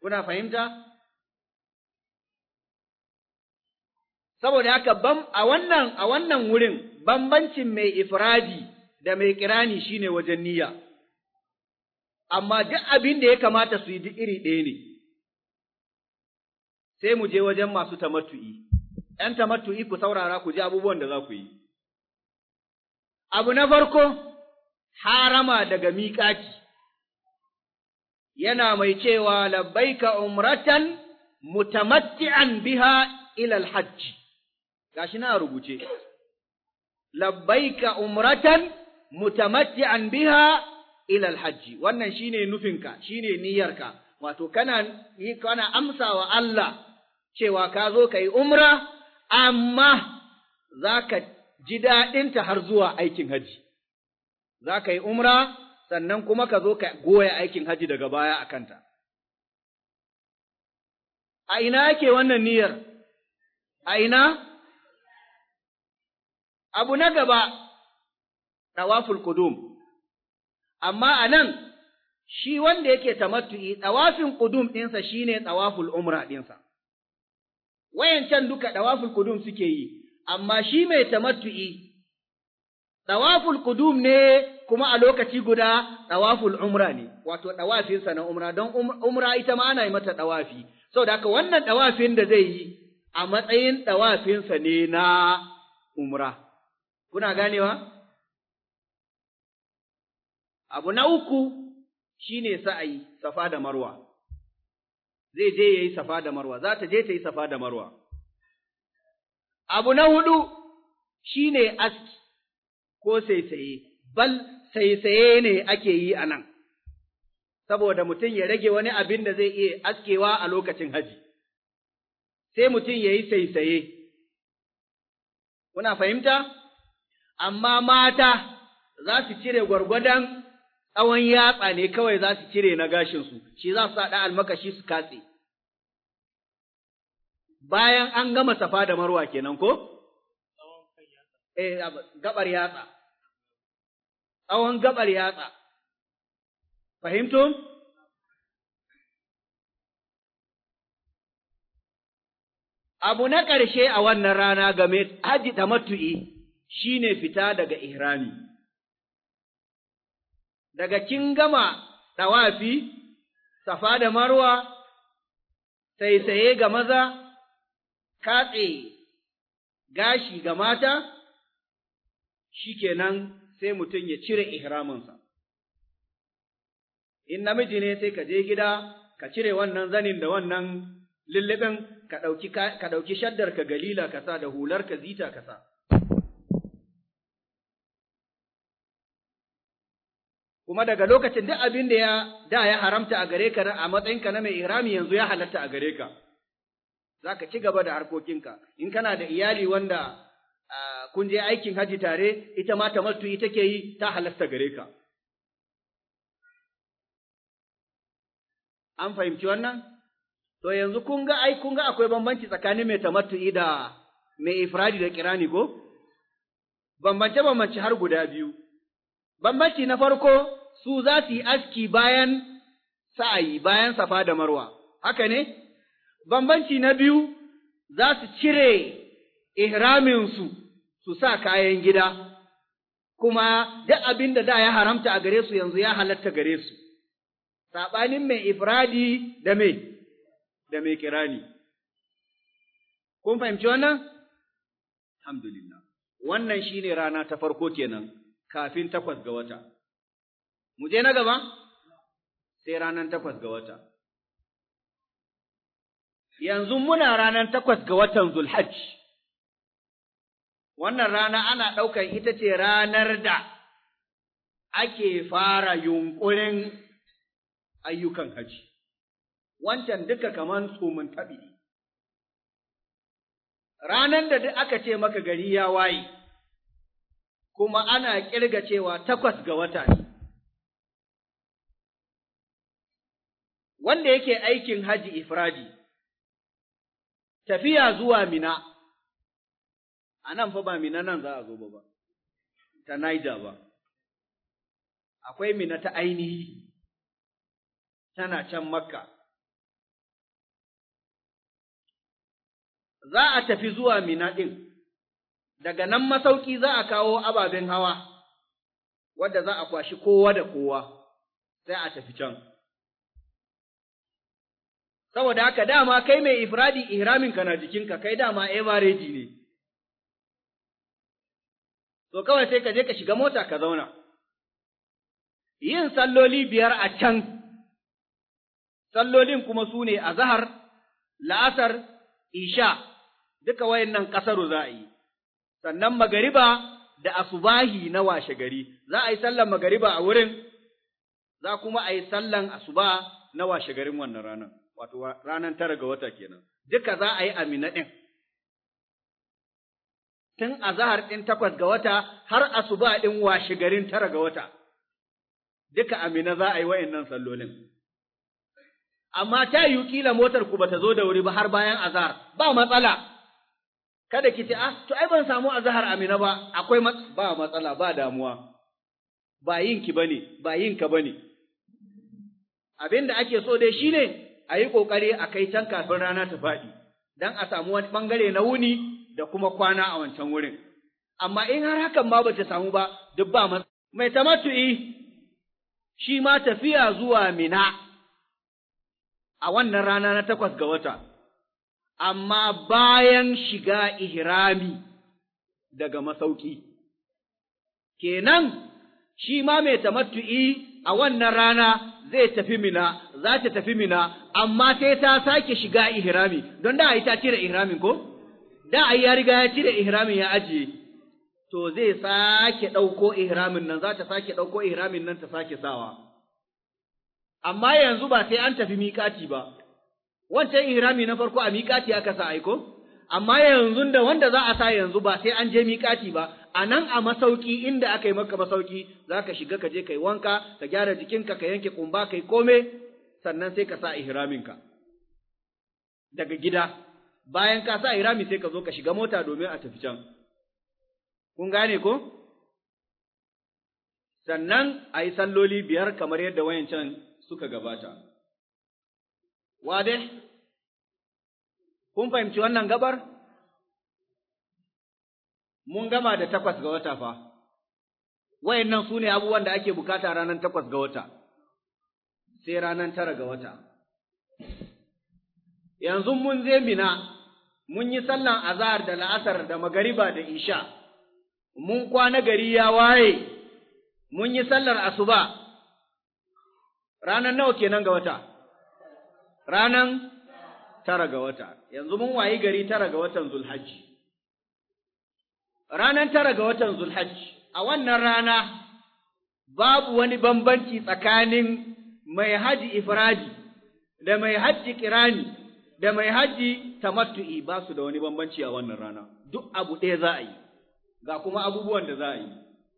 kuna fahimta saboda haka bam a wannan a wannan wurin bambancin mai ifradi da mai kirani shine wajen niyya amma duk abin da ya kamata su yi duk iri ɗaya ne sai mu je wajen masu tamattu'i ‘yan tamattu'i ku saurara ku ji abubuwan da za ku yi abu na farko harama daga miƙaki. yana mai cewa labbaika umratan mutamatti'an biha ila alhajj gashi na rubuce labbaika umratan mutamatti'an biha ila alhajj wannan shine nufinka shine niyyarka wato kana kana wa Allah cewa ka zo kai umra amma zaka ji daɗinta har zuwa aikin hajji? za ka yi umra sannan kuma ka zo ka goya aikin haji daga baya a kanta. A ina yake wannan niyyar? A ina? Abu na gaba, ɗawaful kudum, amma a nan shi wanda yake tamattu'i ɗawafin kudum ɗinsa shi ne ɗawaful umra ɗinsa. Wayancan duka ɗawaful kudum suke yi, amma shi mai tamattu'i, ɗawaful kudum ne kuma a lokaci guda ɗawaful umra ne, wato ɗawafinsa na umra, don um, umra ita ma ana yi mata ɗawafi, sau da wannan ɗawafin da zai yi a matsayin ɗawafinsa ne na umra. Kuna ganewa? Abu na uku shi ne sa'ayi, safa da marwa, zai je ya yi safa da marwa, za ta je ta yi safa da marwa. Abu na hudu shi ne aski ko saisaye. bal saisaye ne ake yi a nan, saboda mutum ya rage wani abin da zai iya askewa a lokacin haji, sai mutum ya yi saisaye. Kuna fahimta? Amma mata za su cire gwargwadon tsawon yatsa ne kawai za su cire na gashinsu, shi za su saɗa almakashi su katse. Bayan an gama safa da marwa kenan ko? Eh Gabar yatsa. tsawon gabar yatsa. fahimtu Abu na ƙarshe a wannan rana game haji da matu'i shi ne fita daga ihrami. Daga kin gama ɗawafi, safa da marwa, saisaye ga maza, katse gashi ga mata, shi kenan sai mutum ya cire ihraminsa. In namiji ne sai ka je gida, ka cire wannan zanin da wannan lullubin, ka ɗauki shaddar ka galila ka da hular ka zita ka Kuma daga lokacin duk abin da ya da ya haramta a gare ka a matsayinka na mai ihrami yanzu ya halatta a gare ka. Za ka ci gaba da harkokinka, in kana da iyali wanda kun je aikin haji tare ita ma tamattu'i take yi ta halasta gare ka an fahimci wannan to yanzu kun ga ai kun ga akwai bambanci tsakanin mai tamattu'i da mai ifradi da kirani ko bambance bambance har guda biyu bambanci na farko su za su yi aski bayan sa'ayi bayan safa da marwa haka ne bambanci na biyu za su cire ihraminsu su sa kayan gida, kuma duk abin da da ya haramta a gare su yanzu ya halatta gare su, saɓanin mai ifradi da mai, da mai kirani. Kun fahimci wannan? Alhamdulillah. Wannan shi ne rana ta farko kenan, kafin takwas ga wata. Mu je na gaba? Sai ranar takwas ga wata. Yanzu muna ranar takwas ga watan Zulhajj. wannan rana ana ɗaukar ita ce ranar da ake fara yunƙurin ayyukan haji, wancan duka kaman tsumin taɓi. Ranar da duk aka ce maka gari ya waye, kuma ana ƙirga cewa takwas ga wata ne. Wanda yake aikin haji ifradi, tafiya zuwa mina. a nan fa ba mina nan za a zo ba ba, ta Niger ba, akwai mina ta ainihi tana can makka. Za a tafi zuwa mina ɗin, daga nan masauki za a kawo ababen hawa, wadda za a kwashi kowa da kowa, sai a tafi can. saboda haka dama kai mai ifradi ihramin ka na jikinka kai dama average ne to kawai sai ka je ka shiga mota ka zauna. Yin salloli biyar a can, sallolin kuma su ne a zahar, la'asar, isha, duka wayannan ƙasaru za a yi, sannan magariba da asubahi na washe gari, za a yi sallan magariba a wurin, za kuma a yi sallan asuba na washe garin wannan ranar, wato ranar tara ga wata kenan, duka za a yi amina ɗin. tun azahar ɗin takwas ga wata har asuba ɗin washe garin tara ga wata, duka amina za a yi wa'in sallolin. Amma ta yi kila motar ku ba ta zo da wuri ba har bayan azahar, ba matsala, kada ki ce, ah, to ai ban samu azahar amina ba, akwai ba matsala, ba damuwa, ba ba ne, ba yinka ba ne. Abin da ake so dai shi ne, a yi ƙoƙari a kai can kafin rana ta faɗi, don a samu wani ɓangare na wuni da kuma kwana a wancan wurin. Amma in har hakan ma bata samu ba, duk ba masa. Mai tamatu'i shi ma tafiya zuwa mina a wannan rana na takwas ga wata, amma bayan shiga ihrami daga masauki. Kenan shi ma mai tamattu'i a wannan rana zai tafi mina, za ta tafi mina, amma sai ta sake shiga ihrami, don da a yi ta cire ihramin ko? da ai ya riga ya cire ihramin ya ajiye to zai sake ɗauko ihramin nan za ta sake ɗauko ihramin nan ta sake sawa amma yanzu ba sai an tafi miƙati ba wancan ihrami na farko a miƙati aka sa aiko amma yanzu da wanda za a sa yanzu ba sai an je miƙati ba a nan a masauki inda aka yi maka masauki za ka shiga ka je ka wanka ka gyara jikinka ka yanke kumba kai yi kome sannan sai ka sa ihraminka daga gida bayan ka sa irami sai ka zo ka shiga mota domin a tafi can. Kun gane ko? Sannan a yi salloli biyar kamar yadda wayancan suka gabata. Wade, kun fahimci wannan gabar? Mun gama da takwas ga wata fa, wayannan su ne abubuwan da ake bukata ranar takwas ga wata, sai ranar tara ga wata. yanzu mun je mina, mun yi sallan azahar da la'asar da magariba da isha, mun kwana gari ya waye, mun yi sallar asuba, ranan nawa kenan ga wata, ranan tara ga wata, yanzu mun wayi gari tara ga watan Zulhajji. Ranan tara ga watan Zulhajji, a wannan rana babu wani bambanci tsakanin mai haji ifradi da mai haji kirani. da mai hajji tamattu'i ba su da wani bambanci a wannan rana, duk abu ɗaya za a yi, ga kuma abubuwan da za a yi.